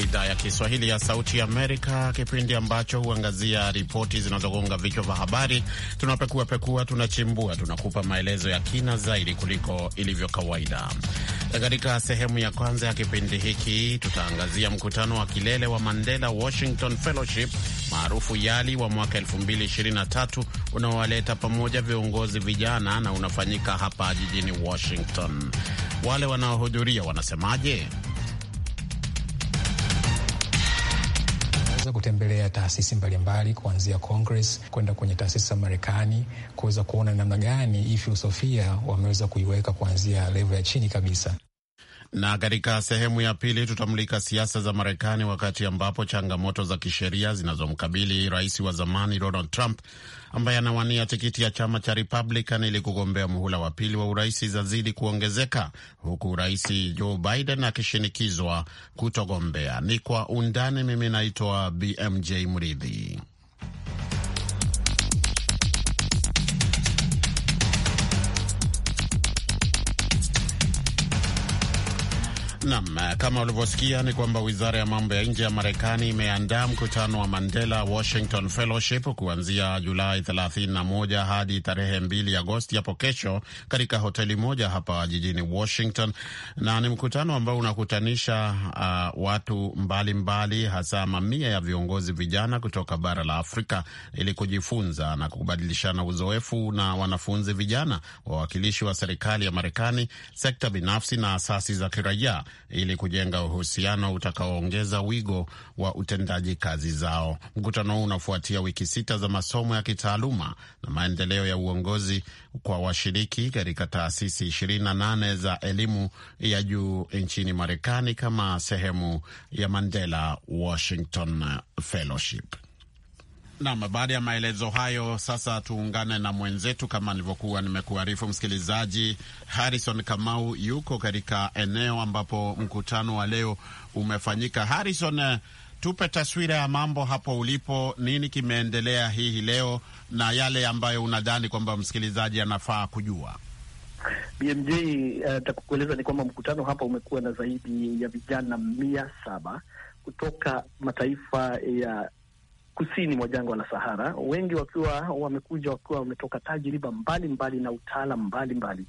idhaa ya Kiswahili ya Sauti ya Amerika, kipindi ambacho huangazia ripoti zinazogonga vichwa vya habari. Tunapekuapekua, tunachimbua, tunakupa maelezo ya kina zaidi kuliko ilivyo kawaida. Katika sehemu ya kwanza ya kipindi hiki, tutaangazia mkutano wa kilele wa Mandela Washington Fellowship maarufu YALI wa mwaka 2023 unaowaleta pamoja viongozi vijana na unafanyika hapa jijini Washington. Wale wanaohudhuria wanasemaje? kuweza kutembelea taasisi mbalimbali kuanzia Congress kwenda kwenye taasisi za Marekani kuweza kuona namna gani hii filosofia wameweza kuiweka kuanzia levo ya chini kabisa. Na katika sehemu ya pili tutamulika siasa za Marekani wakati ambapo changamoto za kisheria zinazomkabili rais wa zamani Donald Trump ambaye anawania tikiti ya chama cha Republican ili kugombea muhula wa pili wa urais zazidi kuongezeka huku rais Joe Biden akishinikizwa kutogombea. Ni kwa undani. Mimi naitwa BMJ Mridhi. Naam, kama ulivyosikia ni kwamba wizara ya mambo ya nje ya Marekani imeandaa mkutano wa Mandela Washington Fellowship kuanzia Julai 31 hadi tarehe 2 Agosti hapo kesho katika hoteli moja hapa jijini Washington, na ni mkutano ambao unakutanisha uh, watu mbalimbali mbali, hasa mamia ya viongozi vijana kutoka bara la Afrika ili kujifunza na kubadilishana uzoefu na wanafunzi vijana, wawakilishi wa serikali ya Marekani, sekta binafsi na asasi za kiraia ili kujenga uhusiano utakaoongeza wigo wa utendaji kazi zao. Mkutano huu unafuatia wiki sita za masomo ya kitaaluma na maendeleo ya uongozi kwa washiriki katika taasisi 28 za elimu ya juu nchini Marekani kama sehemu ya Mandela Washington Fellowship. Nam, baada ya maelezo hayo, sasa tuungane na mwenzetu kama nilivyokuwa nimekuarifu msikilizaji. Harrison Kamau yuko katika eneo ambapo mkutano wa leo umefanyika. Harrison, tupe taswira ya mambo hapo ulipo, nini kimeendelea hii leo na yale ambayo unadhani kwamba msikilizaji anafaa kujua. BMJ, uh, eh, takukueleza ni kwamba mkutano hapa umekuwa na zaidi ya vijana mia saba kutoka mataifa ya kusini mwa jangwa la Sahara, wengi wakiwa wamekuja wakiwa wametoka tajriba mbalimbali na utaalam mbalimbali.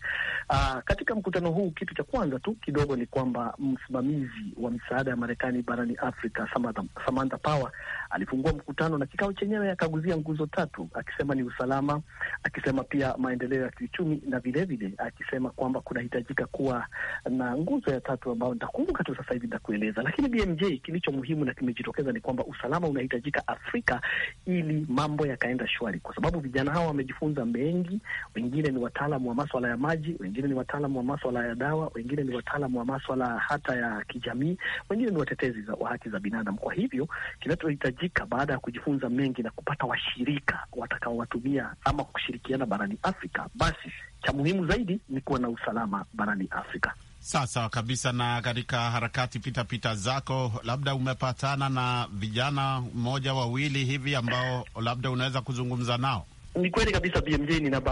Ah, katika mkutano huu, kitu cha kwanza tu kidogo ni kwamba msimamizi wa misaada ya Marekani barani Afrika Samantha, Samantha Power Alifungua mkutano na kikao chenyewe akaguzia nguzo tatu, akisema ni usalama, akisema pia maendeleo ya kiuchumi na vilevile akisema kwamba kunahitajika kuwa na nguzo ya tatu ambayo nitakumbuka tu sasa hivi nitakueleza. Lakini BMJ, kilicho muhimu na kimejitokeza ni kwamba usalama unahitajika Afrika ili mambo yakaenda shwari, kwa sababu vijana hawa wamejifunza mengi. Wengine ni wataalamu wa maswala ya maji, wengine ni wataalamu wa maswala ya dawa, wengine ni wataalamu wa maswala hata ya kijamii, wengine ni watetezi wa haki za binadamu. Kwa hivyo kinachohitaji kuhitajika baada ya kujifunza mengi na kupata washirika watakaowatumia ama kushirikiana barani Afrika, basi cha muhimu zaidi ni kuwa na usalama barani Afrika. Sawa sawa kabisa. Na katika harakati pitapita pita zako, labda umepatana na vijana mmoja wawili hivi ambao labda unaweza kuzungumza nao? Ni kweli kabisa BMJ,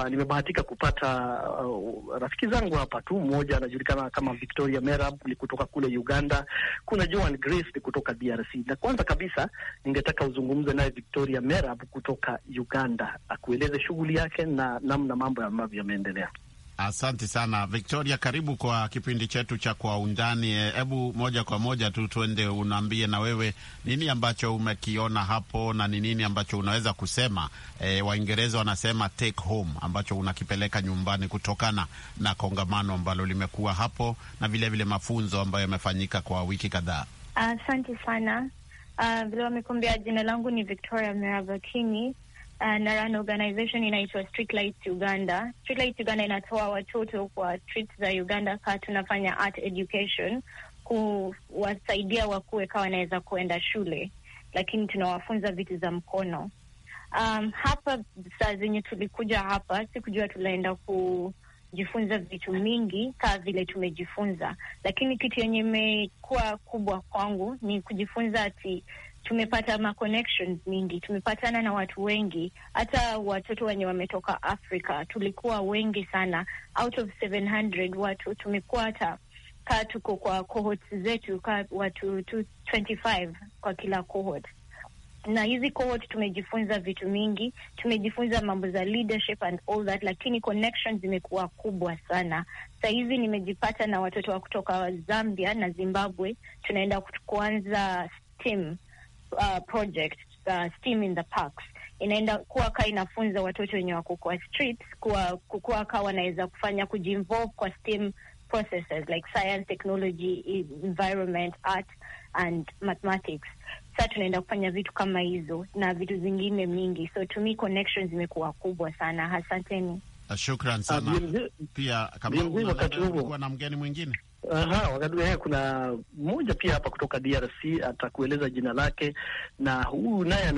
nimebahatika kupata uh, rafiki zangu hapa tu. Mmoja anajulikana kama Victoria Merab, ni kutoka kule Uganda. Kuna Joan Grace, ni kutoka DRC. Na kwanza kabisa ningetaka uzungumze naye Victoria Merab kutoka Uganda, akueleze shughuli yake na namna mambo ambavyo yameendelea. Asante sana Victoria, karibu kwa kipindi chetu cha Kwa Undani. Hebu eh, moja kwa moja tu tuende, unaambie na wewe nini ambacho umekiona hapo na ni nini ambacho unaweza kusema e, Waingereza wanasema take home, ambacho unakipeleka nyumbani kutokana na kongamano ambalo limekuwa hapo na vilevile vile mafunzo ambayo yamefanyika kwa wiki kadhaa. Asante uh, sana uh, vile jina langu ni Victoria Meravakini uh, na run organization inaitwa Streetlights Uganda. Streetlights Uganda inatoa watoto kwa streets za Uganda, kaa tunafanya art education kuwasaidia wakuwe kawa wanaweza kuenda shule, lakini tunawafunza vitu za mkono. Um, hapa saa zenye tulikuja hapa sikujua tunaenda kujifunza vitu mingi kaa vile tumejifunza, lakini kitu yenye imekuwa kubwa kwangu ni kujifunza ati tumepata ma connections mingi, tumepatana na watu wengi, hata watoto wenye wametoka Afrika tulikuwa wengi sana. Out of 700 watu tumekuwa hata kaa tuko kwa cohorts zetu ka watu 25 kwa kila cohort, na hizi cohort tumejifunza vitu mingi, tumejifunza mambo za leadership and all that, lakini connections zimekuwa kubwa sana. sahizi nimejipata na watoto wa kutoka Zambia na Zimbabwe, tunaenda kuanza STEM uh, project uh, STEAM in the parks inaenda kuwa kaa inafunza watoto wenye wako kwa streets kuwa kuwa kaa wanaweza kufanya kujinvolve kwa STEAM processes like science, technology, e, environment, art and mathematics. Sasa tunaenda kufanya vitu kama hizo na vitu zingine mingi, so to me connections imekuwa kubwa sana. Asanteni. Uh, shukran ah, sana. pia kama na mgeni mwingine Aha, wakati eh, kuna mmoja pia hapa kutoka DRC atakueleza jina lake, na huyu naye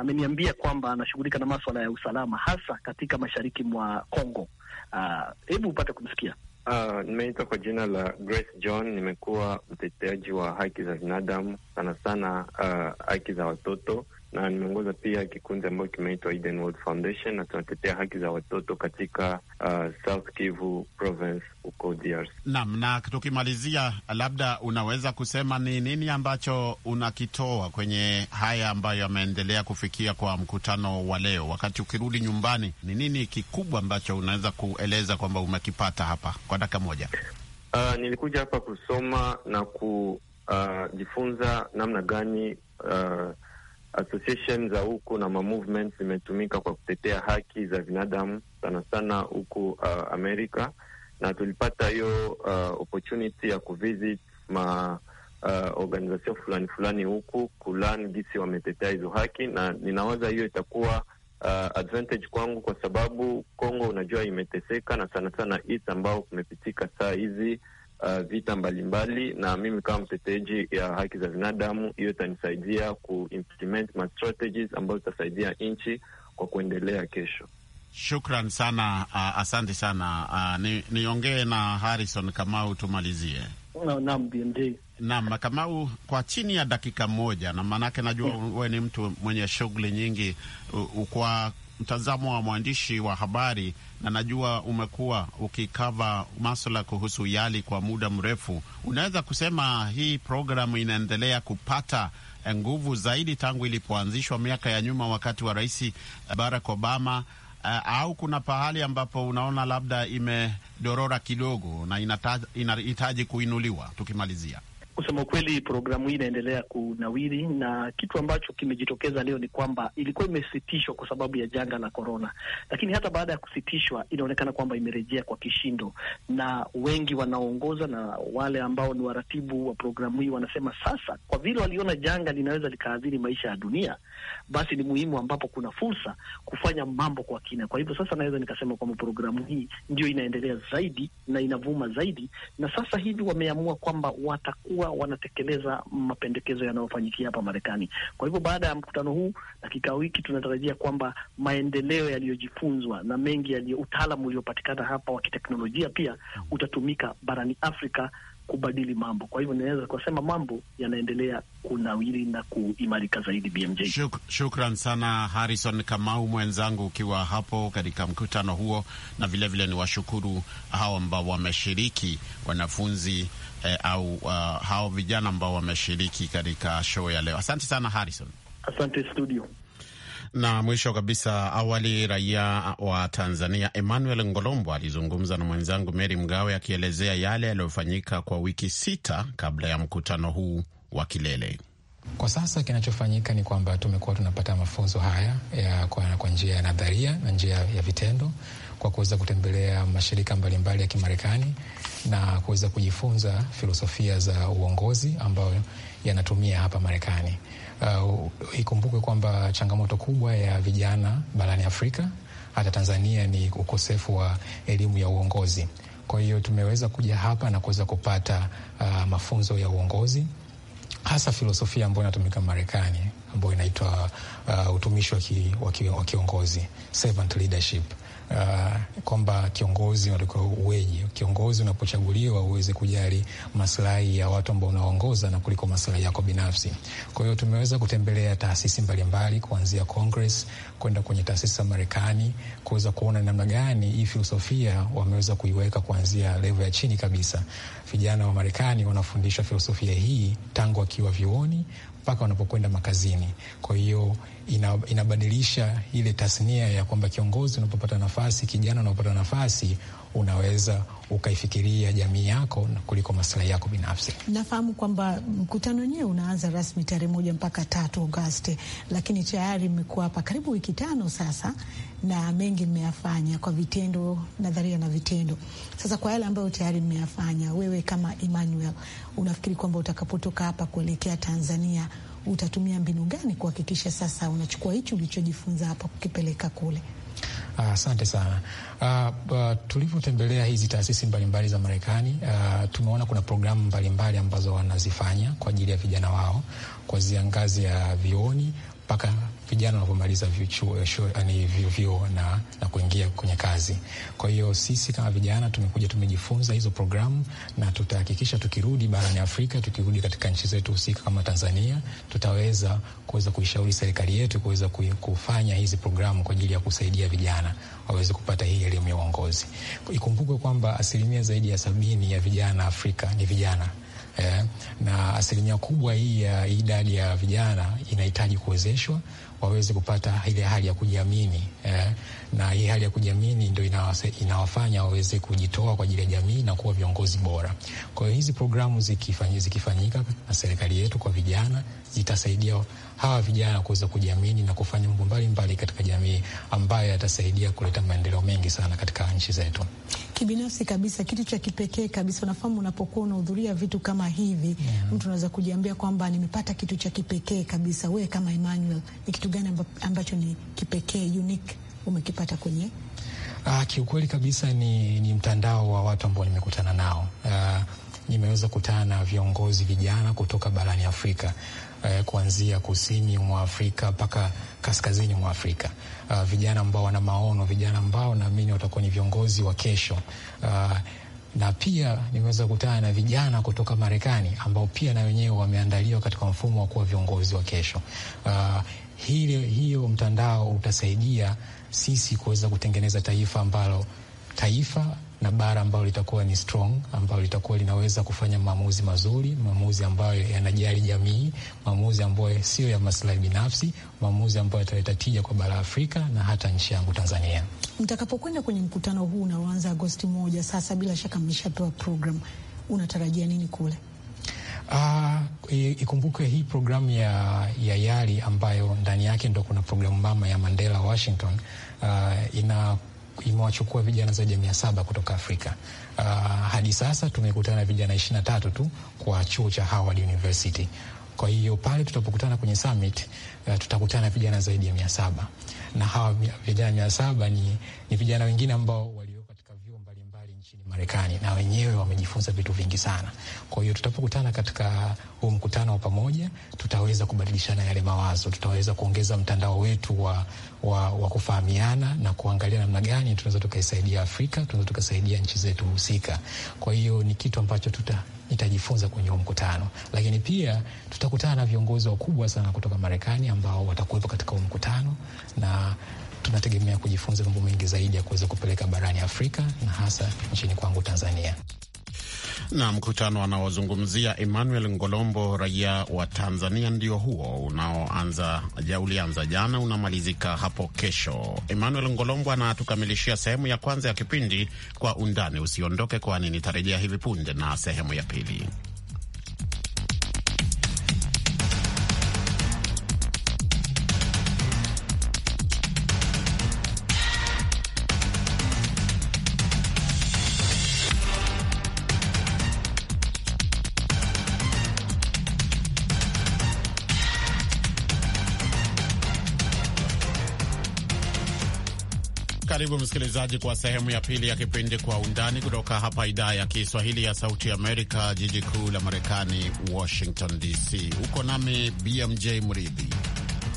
ameniambia kwamba anashughulika na maswala ya usalama hasa katika mashariki mwa Kongo. Ah, hebu upate kumsikia. Uh, nimeitwa kwa jina la Grace John. Nimekuwa mteteaji wa haki za binadamu sana sana, uh, haki za watoto na nimeongoza pia kikundi ambayo kimeitwa Eden World Foundation na tunatetea haki za watoto katika uh, South Kivu province huko DRC. Naam, na tukimalizia, labda unaweza kusema ni nini ambacho unakitoa kwenye haya ambayo yameendelea kufikia kwa mkutano wa leo? Wakati ukirudi nyumbani, ni nini kikubwa ambacho unaweza kueleza kwamba umekipata hapa kwa dakika moja? Uh, nilikuja hapa kusoma na kujifunza uh, namna gani uh, association za huku na ma zimetumika kwa kutetea haki za binadamu sana sana huku uh, Amerika, na tulipata hiyo uh, opportunity ya kuvisit ma uh, organization fulani fulani huku kulan gisi wametetea hizo haki, na ninawaza hiyo itakuwa uh, advantage kwangu kwa sababu Kongo unajua imeteseka na sana sana ambao kumepitika saa hizi uh, vita mbalimbali mbali, na mimi kama mteteji ya haki za binadamu, hiyo itanisaidia ku ambayo strategies ambazo zitasaidia nchi kwa kuendelea kesho. Shukran sana uh, asante sana uh, niongee ni na Harrison Kamau tumalizie. Naam na, Kamau, kwa chini ya dakika moja, na maanake najua mm. wewe ni mtu mwenye shughuli nyingi u, u, kwa mtazamo wa mwandishi wa habari, na najua umekuwa ukikava maswala kuhusu YALI kwa muda mrefu, unaweza kusema hii programu inaendelea kupata eh, nguvu zaidi tangu ilipoanzishwa miaka ya nyuma wakati wa Rais eh, Barack Obama? Uh, au kuna pahali ambapo unaona labda imedorora kidogo na inahitaji kuinuliwa? Tukimalizia Kusema ukweli, programu hii inaendelea kunawiri, na kitu ambacho kimejitokeza leo ni kwamba ilikuwa imesitishwa kwa sababu ya janga la korona, lakini hata baada ya kusitishwa inaonekana kwamba imerejea kwa kishindo, na wengi wanaoongoza na wale ambao ni waratibu wa programu hii wanasema sasa, kwa vile waliona janga linaweza likaathiri maisha ya dunia, basi ni muhimu ambapo kuna fursa kufanya mambo kwa kina. Kwa hivyo sasa naweza nikasema kwamba programu hii ndio inaendelea zaidi na inavuma zaidi, na sasa hivi wameamua kwamba watakuwa huwa wanatekeleza mapendekezo yanayofanyikia hapa Marekani. Kwa hivyo baada ya mkutano huu na kikao hiki, tunatarajia kwamba maendeleo yaliyojifunzwa na mengi yaliyo utaalamu uliopatikana hapa wa kiteknolojia pia utatumika barani Afrika kubadili mambo. Kwa hivyo naweza kusema mambo yanaendelea kunawiri na kuimarika zaidi. BMJ, Shuk shukran sana Harrison Kamau mwenzangu, ukiwa hapo katika mkutano huo, na vilevile ni washukuru hao ambao wameshiriki, wanafunzi eh, au uh, hao vijana ambao wameshiriki katika show ya leo. Asante sana Harrison. Asante studio. Na mwisho kabisa, awali raia wa Tanzania Emmanuel Ngolombo alizungumza na mwenzangu Mary Mgawe akielezea yale yaliyofanyika kwa wiki sita kabla ya mkutano huu wa kilele. Kwa sasa kinachofanyika ni kwamba tumekuwa tunapata mafunzo haya ya kwa njia ya nadharia na njia ya vitendo kwa kuweza kutembelea mashirika mbalimbali ya Kimarekani na kuweza kujifunza filosofia za uongozi ambayo yanatumia hapa Marekani. Uh, ikumbukwe kwamba changamoto kubwa ya vijana barani Afrika hata Tanzania ni ukosefu wa elimu ya uongozi. Kwa hiyo tumeweza kuja hapa na kuweza kupata uh, mafunzo ya uongozi hasa filosofia ambayo inatumika Marekani ambayo inaitwa uh, utumishi wa kiongozi servant leadership uh, kwamba kiongozi unatakiwa uweje. Kiongozi unapochaguliwa uweze kujali maslahi ya watu ambao unaongoza na kuliko maslahi yako binafsi. Kwa hiyo tumeweza kutembelea taasisi mbalimbali kuanzia Congress kwenda kwenye taasisi za Marekani kuweza kuona namna gani hii filosofia wameweza kuiweka kuanzia levo ya chini kabisa vijana wa Marekani wanafundishwa filosofia hii tangu wakiwa vyuoni mpaka wanapokwenda makazini. Kwa hiyo ina, inabadilisha ile tasnia ya kwamba kiongozi unapopata nafasi, kijana unapopata nafasi unaweza ukaifikiria jamii yako kuliko maslahi yako binafsi. Nafahamu kwamba mkutano wenyewe unaanza rasmi tarehe moja mpaka tatu Agosti, lakini tayari mmekuwa hapa karibu wiki tano sasa, na mengi mmeyafanya kwa vitendo, nadharia na vitendo. Sasa kwa yale ambayo tayari mmeyafanya, wewe kama Emmanuel, unafikiri kwamba utakapotoka hapa kuelekea Tanzania utatumia mbinu gani kuhakikisha sasa unachukua hichi ulichojifunza hapa kukipeleka kule? Ah, asante uh, sana uh, uh, tulivyotembelea hizi taasisi mbalimbali za Marekani uh, tumeona kuna programu mbalimbali mbali ambazo wanazifanya kwa ajili ya vijana wao kuanzia ngazi ya vioni mpaka vijana wanavyomaliza eh, eh, vyuo na, na kuingia kwenye kazi. Kwa hiyo sisi kama vijana tumekuja tumejifunza hizo programu na tutahakikisha tukirudi barani Afrika, tukirudi katika nchi zetu husika kama Tanzania, tutaweza kuweza kuishauri serikali yetu kuweza kufanya hizi programu kwa ajili ya kusaidia vijana waweze kupata hii elimu ya uongozi. Ikumbukwe kwamba asilimia zaidi ya sabini ya vijana Afrika ni vijana eh, na asilimia kubwa hii ya idadi ya vijana inahitaji kuwezeshwa waweze kupata ile hali ya kujiamini eh, na hii hali ya kujiamini ndio inawafanya waweze kujitoa kwa ajili ya jamii na kuwa viongozi bora. Kwa hiyo hizi programu zikifanyika, zikifanyika na serikali yetu kwa vijana zitasaidia hawa vijana kuweza kujiamini na kufanya mambo mbalimbali katika jamii ambayo yatasaidia kuleta maendeleo mengi sana katika nchi zetu kibinafsi kabisa, kitu cha kipekee kabisa. Unafahamu, unapokuwa unahudhuria vitu kama hivi yeah. Mtu anaweza kujiambia kwamba nimepata kitu cha kipekee kabisa. Wewe kama Emmanuel, ni kitu gani ambacho ni kipekee unique umekipata kwenye Ah, kiukweli kabisa ni, ni mtandao wa watu ambao nimekutana nao. Ah, nimeweza kutana na viongozi vijana kutoka barani Afrika eh, kuanzia kusini mwa Afrika mpaka kaskazini mwa Afrika. Uh, vijana ambao wana maono, vijana ambao naamini watakuwa ni viongozi wa kesho. Uh, na pia nimeweza kukutana na vijana kutoka Marekani ambao pia na wenyewe wameandaliwa katika mfumo wa kuwa viongozi wa kesho. Uh, ah, hiyo, hiyo mtandao utasaidia sisi kuweza kutengeneza taifa ambalo taifa na bara ambayo litakuwa ni strong, ambayo litakuwa linaweza kufanya maamuzi mazuri, maamuzi ambayo yanajali jamii, maamuzi ambayo sio ya maslahi binafsi, maamuzi ambayo yataleta tija kwa bara Afrika na hata nchi yangu Tanzania. Mtakapokwenda kwenye mkutano huu unaoanza Agosti moja, sasa bila shaka mmeshapewa program, unatarajia nini kule? Uh, ikumbuke hii programu ya, ya YALI ambayo ndani yake ndo kuna programu mama ya Mandela Washington uh, ina imewachukua vijana zaidi ya mia saba kutoka Afrika. Uh, hadi sasa tumekutana na vijana ishirini na tatu tu kwa chuo cha Howard University. Kwa hiyo pale tutapokutana kwenye summit uh, tutakutana vijana zaidi ya mia saba na hawa vijana mia saba ni, ni vijana wengine ambao Marekani na wenyewe wamejifunza vitu vingi sana. Kwa hiyo tutapokutana katika huu mkutano wa pamoja, tutaweza kubadilishana yale mawazo, tutaweza kuongeza mtandao wetu wa, wa, wa kufahamiana na kuangalia namna gani tunaweza tukaisaidia Afrika, tunaweza tukasaidia nchi zetu husika. Kwa hiyo ni kitu ambacho tuta nitajifunza kwenye huu mkutano, lakini pia tutakutana na viongozi wakubwa sana kutoka Marekani ambao watakuwepo katika huu mkutano na tunategemea kujifunza mambo mengi zaidi ya kuweza kupeleka barani Afrika na hasa nchini kwangu Tanzania na mkutano anaozungumzia Emmanuel Ngolombo, raia wa Tanzania, ndio huo unaoanza ulianza jana unamalizika hapo kesho. Emmanuel Ngolombo anatukamilishia sehemu ya kwanza ya kipindi Kwa Undani. Usiondoke, kwani nitarejea hivi punde na sehemu ya pili. Karibu msikilizaji, kwa sehemu ya pili ya kipindi Kwa Undani kutoka hapa idhaa ya Kiswahili ya Sauti Amerika, jiji kuu la Marekani, Washington DC. Uko nami BMJ Mridhi.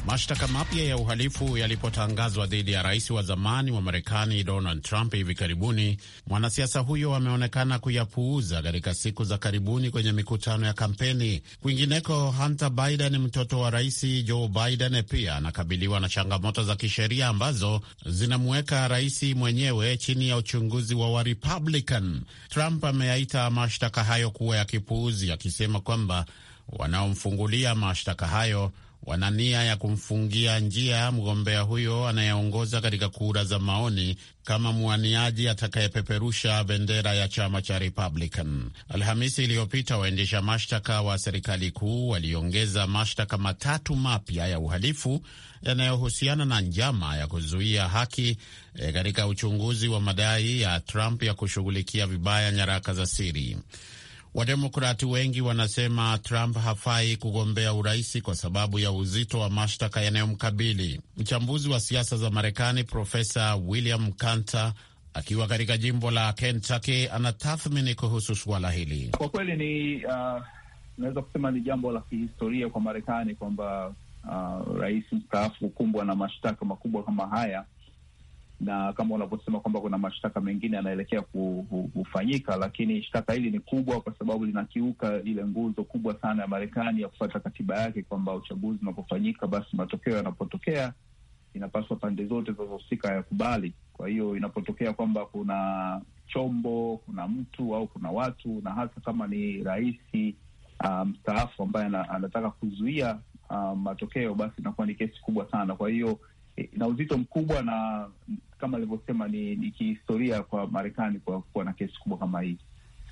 Mashtaka mapya ya uhalifu yalipotangazwa dhidi ya rais wa zamani wa Marekani Donald Trump hivi karibuni, mwanasiasa huyo ameonekana kuyapuuza katika siku za karibuni kwenye mikutano ya kampeni. Kwingineko, Hunter Biden, mtoto wa rais Joe Biden, pia anakabiliwa na changamoto za kisheria ambazo zinamuweka rais mwenyewe chini ya uchunguzi wa Warepublican. Trump ameyaita mashtaka hayo kuwa ya kipuuzi, akisema kwamba wanaomfungulia mashtaka hayo wana nia ya kumfungia njia mgombea huyo anayeongoza katika kura za maoni kama mwaniaji atakayepeperusha bendera ya chama cha Republican. Alhamisi iliyopita, waendesha mashtaka wa serikali kuu waliongeza mashtaka matatu mapya ya uhalifu yanayohusiana na njama ya kuzuia haki e, katika uchunguzi wa madai ya Trump ya kushughulikia vibaya nyaraka za siri. Wademokrati wengi wanasema Trump hafai kugombea uraisi kwa sababu ya uzito wa mashtaka yanayomkabili. Mchambuzi wa siasa za Marekani Profesa William Kanter akiwa katika jimbo la Kentucky anatathmini kuhusu suala hili. Kwa kweli ni uh, naweza kusema ni jambo la kihistoria kwa Marekani kwamba uh, rais mstaafu kukumbwa na mashtaka makubwa kama haya na kama unavyosema kwamba kuna mashtaka mengine yanaelekea kufanyika, lakini shtaka hili ni kubwa kwa sababu linakiuka ile nguzo kubwa sana ya Marekani ya kufuata katiba yake kwamba uchaguzi unapofanyika, basi matokeo yanapotokea, inapaswa pande zote zinazohusika yakubali. Kwa hiyo inapotokea kwamba kuna chombo, kuna mtu au kuna watu, na hasa kama ni rais ah, mstaafu um, ambaye anataka kuzuia um, matokeo, basi inakuwa ni kesi kubwa sana. Kwa hiyo ina eh, uzito mkubwa na kama alivyosema ni, ni kihistoria kwa Marekani kwa kuwa na kesi kubwa kama hii.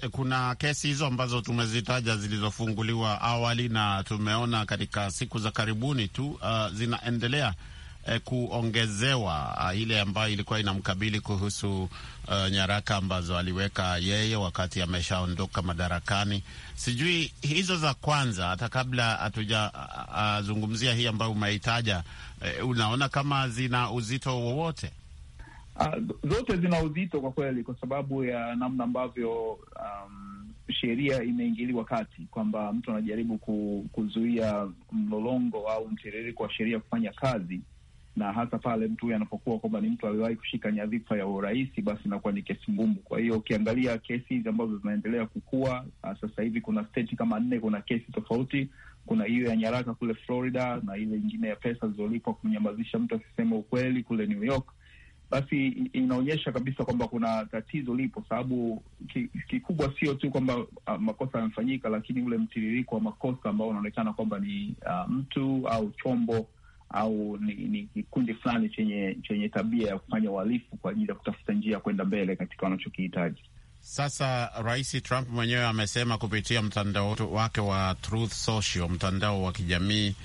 Eh, kuna kesi hizo ambazo tumezitaja zilizofunguliwa awali na tumeona katika siku za karibuni tu uh, zinaendelea uh, kuongezewa uh, ile ambayo ilikuwa inamkabili kuhusu uh, nyaraka ambazo aliweka yeye wakati ameshaondoka madarakani. Sijui hizo za kwanza, hata kabla hatujazungumzia uh, uh hii ambayo umeitaja, uh, unaona kama zina uzito wowote? Uh, zote zina uzito kwa kweli, kwa sababu ya namna ambavyo um, sheria imeingiliwa kati, kwamba mtu anajaribu ku, kuzuia mlolongo au mtiririko wa sheria kufanya kazi, na hasa pale mtu huyo anapokuwa kwamba ni mtu aliwahi kushika nyadhifa ya urais, basi inakuwa ni kesi ngumu. Kwa hiyo ukiangalia kesi hizi ambazo zinaendelea kukua ah, sasa hivi, kuna state kama nne, kuna kesi tofauti. Kuna hiyo ya nyaraka kule Florida na ile ingine ya pesa zilizolipwa kumnyamazisha mtu asisema ukweli kule New York basi inaonyesha kabisa kwamba kuna tatizo lipo, sababu kikubwa sio tu kwamba uh, makosa yamefanyika, lakini ule mtiririko wa makosa ambao unaonekana kwamba ni uh, mtu au chombo au ni kikundi fulani chenye chenye tabia ya kufanya uhalifu kwa ajili ya kutafuta njia ya kwenda mbele katika wanachokihitaji. Sasa Rais Trump mwenyewe amesema kupitia mtandao wake wa Truth Social, mtandao wa kijamii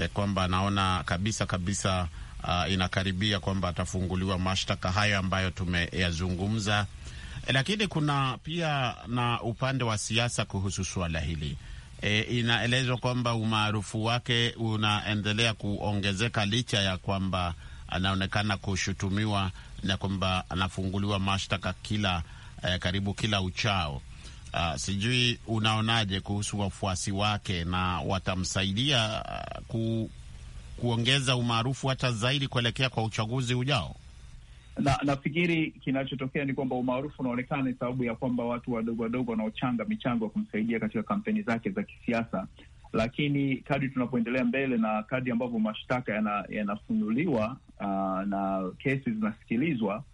eh, kwamba anaona kabisa kabisa uh, inakaribia kwamba atafunguliwa mashtaka hayo ambayo tumeyazungumza, eh, lakini kuna pia na upande wa siasa kuhusu suala hili. E, inaelezwa kwamba umaarufu wake unaendelea kuongezeka licha ya kwamba anaonekana kushutumiwa na kwamba anafunguliwa mashtaka kila eh, karibu kila uchao. Uh, sijui unaonaje kuhusu wafuasi wake na watamsaidia uh, ku, kuongeza umaarufu hata zaidi kuelekea kwa uchaguzi ujao? Na nafikiri kinachotokea ni kwamba umaarufu unaonekana ni sababu ya kwamba watu wadogo wadogo wanaochanga michango ya kumsaidia katika kampeni zake za kisiasa, lakini kadri tunapoendelea mbele na kadri ambavyo mashtaka yanafunuliwa yana uh, na kesi zinasikilizwa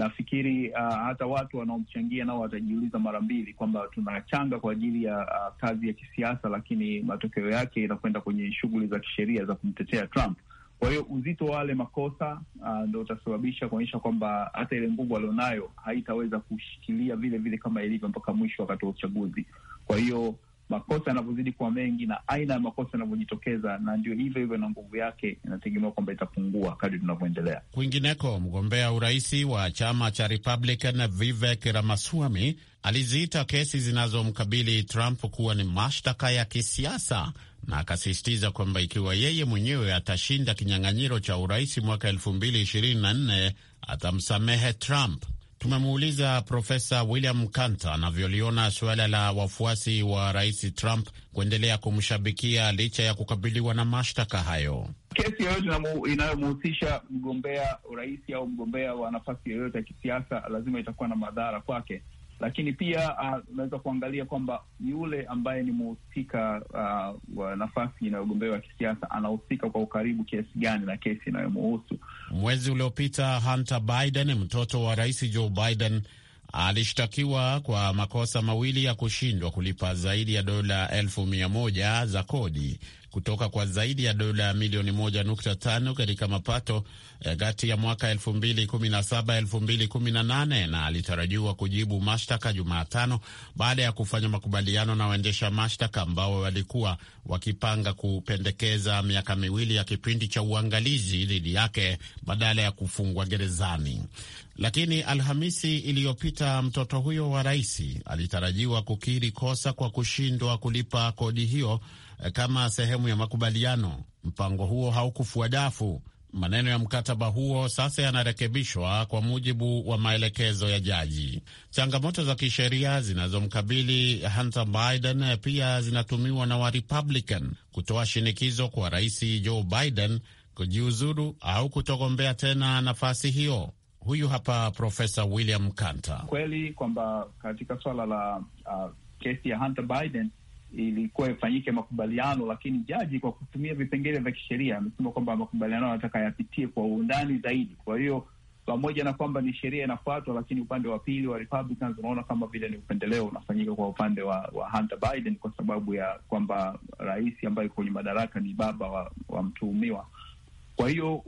nafikiri uh, hata watu wanaomchangia nao watajiuliza mara mbili kwamba tunachanga kwa ajili ya uh, kazi ya kisiasa, lakini matokeo yake inakwenda kwenye shughuli za kisheria za kumtetea Trump. Kwa hiyo uzito wa wale makosa uh, ndo utasababisha kuonyesha kwamba hata ile nguvu alionayo haitaweza kushikilia vile vile kama ilivyo mpaka mwisho wakati wa uchaguzi. Kwa hiyo makosa yanavyozidi kuwa mengi na aina ya makosa yanavyojitokeza, na ndio hivyo hivyo, na nguvu yake inategemewa kwamba itapungua kadri tunavyoendelea. Kwingineko, mgombea uraisi wa chama cha Republican Vivek Ramaswamy aliziita kesi zinazomkabili Trump kuwa ni mashtaka ya kisiasa na akasisitiza kwamba ikiwa yeye mwenyewe atashinda kinyang'anyiro cha urais mwaka 2024 atamsamehe Trump. Tumemuuliza Profesa William Kanta anavyoliona suala la wafuasi wa Rais Trump kuendelea kumshabikia licha ya kukabiliwa na mashtaka hayo. Kesi yoyote inayomhusisha mgombea urais au mgombea wa nafasi yoyote ya kisiasa lazima itakuwa na madhara kwake lakini pia ah, unaweza uh, kuangalia kwamba yule ambaye ni mhusika uh, ah, wa nafasi inayogombewa kisiasa anahusika kwa ukaribu kiasi gani na kesi inayomuhusu. Mwezi uliopita Hunter Biden, mtoto wa rais Joe Biden, alishtakiwa kwa makosa mawili ya kushindwa kulipa zaidi ya dola elfu mia moja za kodi kutoka kwa zaidi ya dola milioni 1.5 katika mapato eh, kati ya mwaka 2017 2018, na alitarajiwa kujibu mashtaka Jumatano baada ya kufanya makubaliano na waendesha mashtaka ambao walikuwa wakipanga kupendekeza miaka miwili ya kipindi cha uangalizi dhidi yake badala ya kufungwa gerezani. Lakini Alhamisi iliyopita mtoto huyo wa rais alitarajiwa kukiri kosa kwa kushindwa kulipa kodi hiyo kama sehemu ya makubaliano. Mpango huo haukufua dafu. Maneno ya mkataba huo sasa yanarekebishwa kwa mujibu wa maelekezo ya jaji. Changamoto za kisheria zinazomkabili Hunter Biden pia zinatumiwa na Warepublican kutoa shinikizo kwa Rais Joe Biden kujiuzuru au kutogombea tena nafasi hiyo. Huyu hapa Profesa William Kanta. Kweli kwamba katika swala la uh, kesi ya Hunter Biden ilikuwa ifanyike makubaliano, lakini jaji kwa kutumia vipengele vya kisheria amesema kwamba makubaliano anataka yapitie kwa undani zaidi. Kwa hiyo pamoja na kwamba ni sheria inafuatwa, lakini upande wa pili wa Republicans unaona kama vile ni upendeleo unafanyika kwa upande wa, wa Hunter Biden kwa sababu ya kwamba rais ambaye yuko kwenye madaraka ni baba wa, wa mtuhumiwa. Kwa hiyo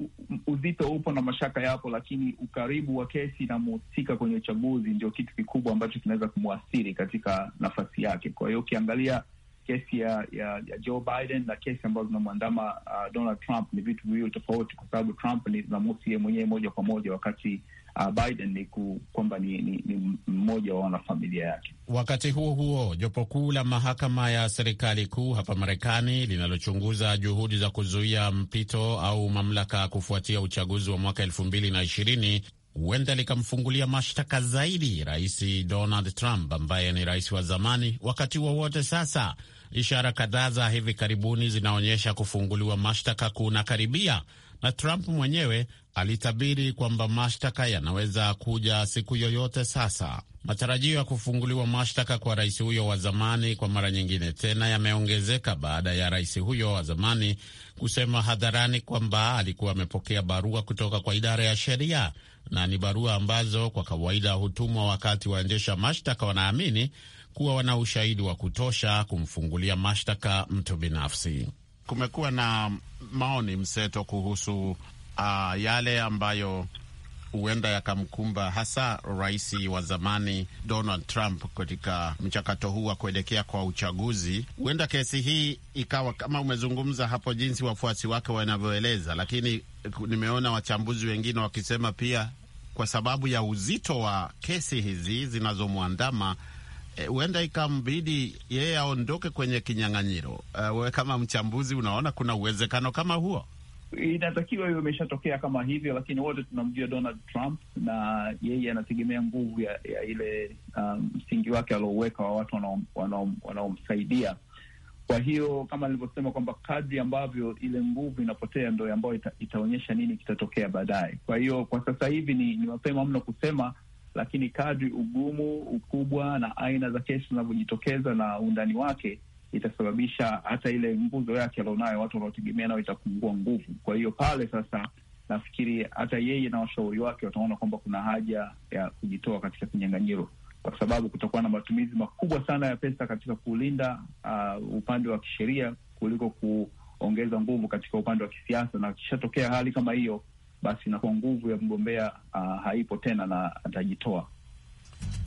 uzito upo na mashaka yapo, lakini ukaribu wa kesi inamhusika kwenye uchaguzi ndio kitu kikubwa ambacho kinaweza kumwathiri katika nafasi yake. Kwa hiyo ukiangalia kesi ya, ya, ya Joe Biden na kesi ambazo zinamwandama uh, Donald Trump ni vitu viwili tofauti, kwa sababu Trump ni zinamuhusu ye mwenyewe moja kwa moja, wakati uh, Biden ni kwamba ni, ni, ni mmoja wa wanafamilia yake. Wakati huo huo, jopo kuu la mahakama ya serikali kuu hapa Marekani linalochunguza juhudi za kuzuia mpito au mamlaka kufuatia uchaguzi wa mwaka elfu mbili na ishirini huenda likamfungulia mashtaka zaidi Rais Donald Trump ambaye ni rais wa zamani wakati wowote wa sasa. Ishara kadhaa za hivi karibuni zinaonyesha kufunguliwa mashtaka kunakaribia, na Trump mwenyewe alitabiri kwamba mashtaka yanaweza kuja siku yoyote sasa. Matarajio ya kufunguliwa mashtaka kwa rais huyo wa zamani kwa mara nyingine tena yameongezeka baada ya rais huyo wa zamani kusema hadharani kwamba alikuwa amepokea barua kutoka kwa idara ya sheria, na ni barua ambazo kwa kawaida hutumwa wakati waendesha mashtaka wanaamini kuwa wana ushahidi wa kutosha kumfungulia mashtaka mtu binafsi. Kumekuwa na maoni mseto kuhusu uh, yale ambayo huenda yakamkumba hasa rais wa zamani Donald Trump katika mchakato huu wa kuelekea kwa uchaguzi. Huenda kesi hii ikawa kama umezungumza hapo, jinsi wafuasi wake wanavyoeleza, lakini nimeona wachambuzi wengine wakisema pia kwa sababu ya uzito wa kesi hizi zinazomwandama eh, huenda e, ikambidi yeye aondoke kwenye kinyang'anyiro. Uh, wewe kama mchambuzi unaona kuna uwezekano kama huo? inatakiwa hiyo imeshatokea kama hivyo, lakini wote tunamjua Donald Trump na yeye anategemea nguvu ya, ya ile um, msingi um, wake aliouweka wa watu wanaomsaidia wana kwa hiyo kama nilivyosema kwamba kadri ambavyo ile nguvu inapotea ndo ambayo ita, itaonyesha nini kitatokea baadaye. Kwa hiyo kwa sasa hivi ni, ni mapema mno kusema, lakini kadri ugumu, ukubwa na aina za kesi zinavyojitokeza na undani wake itasababisha hata ile nguzo yake alionayo watu wanaotegemea nao itapungua nguvu. Kwa hiyo pale sasa nafikiri hata yeye na washauri wake wataona kwamba kuna haja ya kujitoa katika kinyang'anyiro, kwa sababu kutakuwa na matumizi makubwa sana ya pesa katika kulinda uh, upande wa kisheria kuliko kuongeza nguvu katika upande wa kisiasa, na kishatokea hali kama hiyo, basi inakuwa nguvu ya mgombea uh, haipo tena na atajitoa.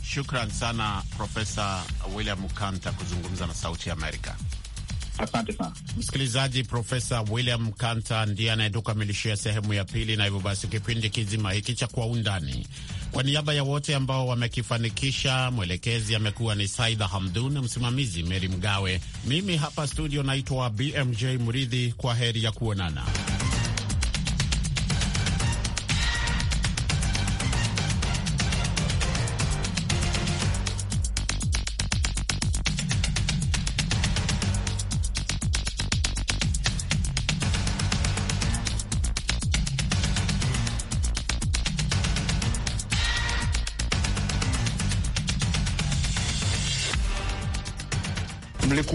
Shukran sana Profesa William Kanta kuzungumza na Sauti Amerika. Asante sana msikilizaji. Profesa William Kanta ndiye anayetukamilishia sehemu ya pili, na hivyo basi kipindi kizima hiki cha Kwa Undani, kwa niaba ya wote ambao wamekifanikisha, mwelekezi amekuwa ni Saida Hamdun, msimamizi Meri Mgawe, mimi hapa studio naitwa BMJ Muridhi. Kwa heri ya kuonana.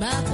Bye.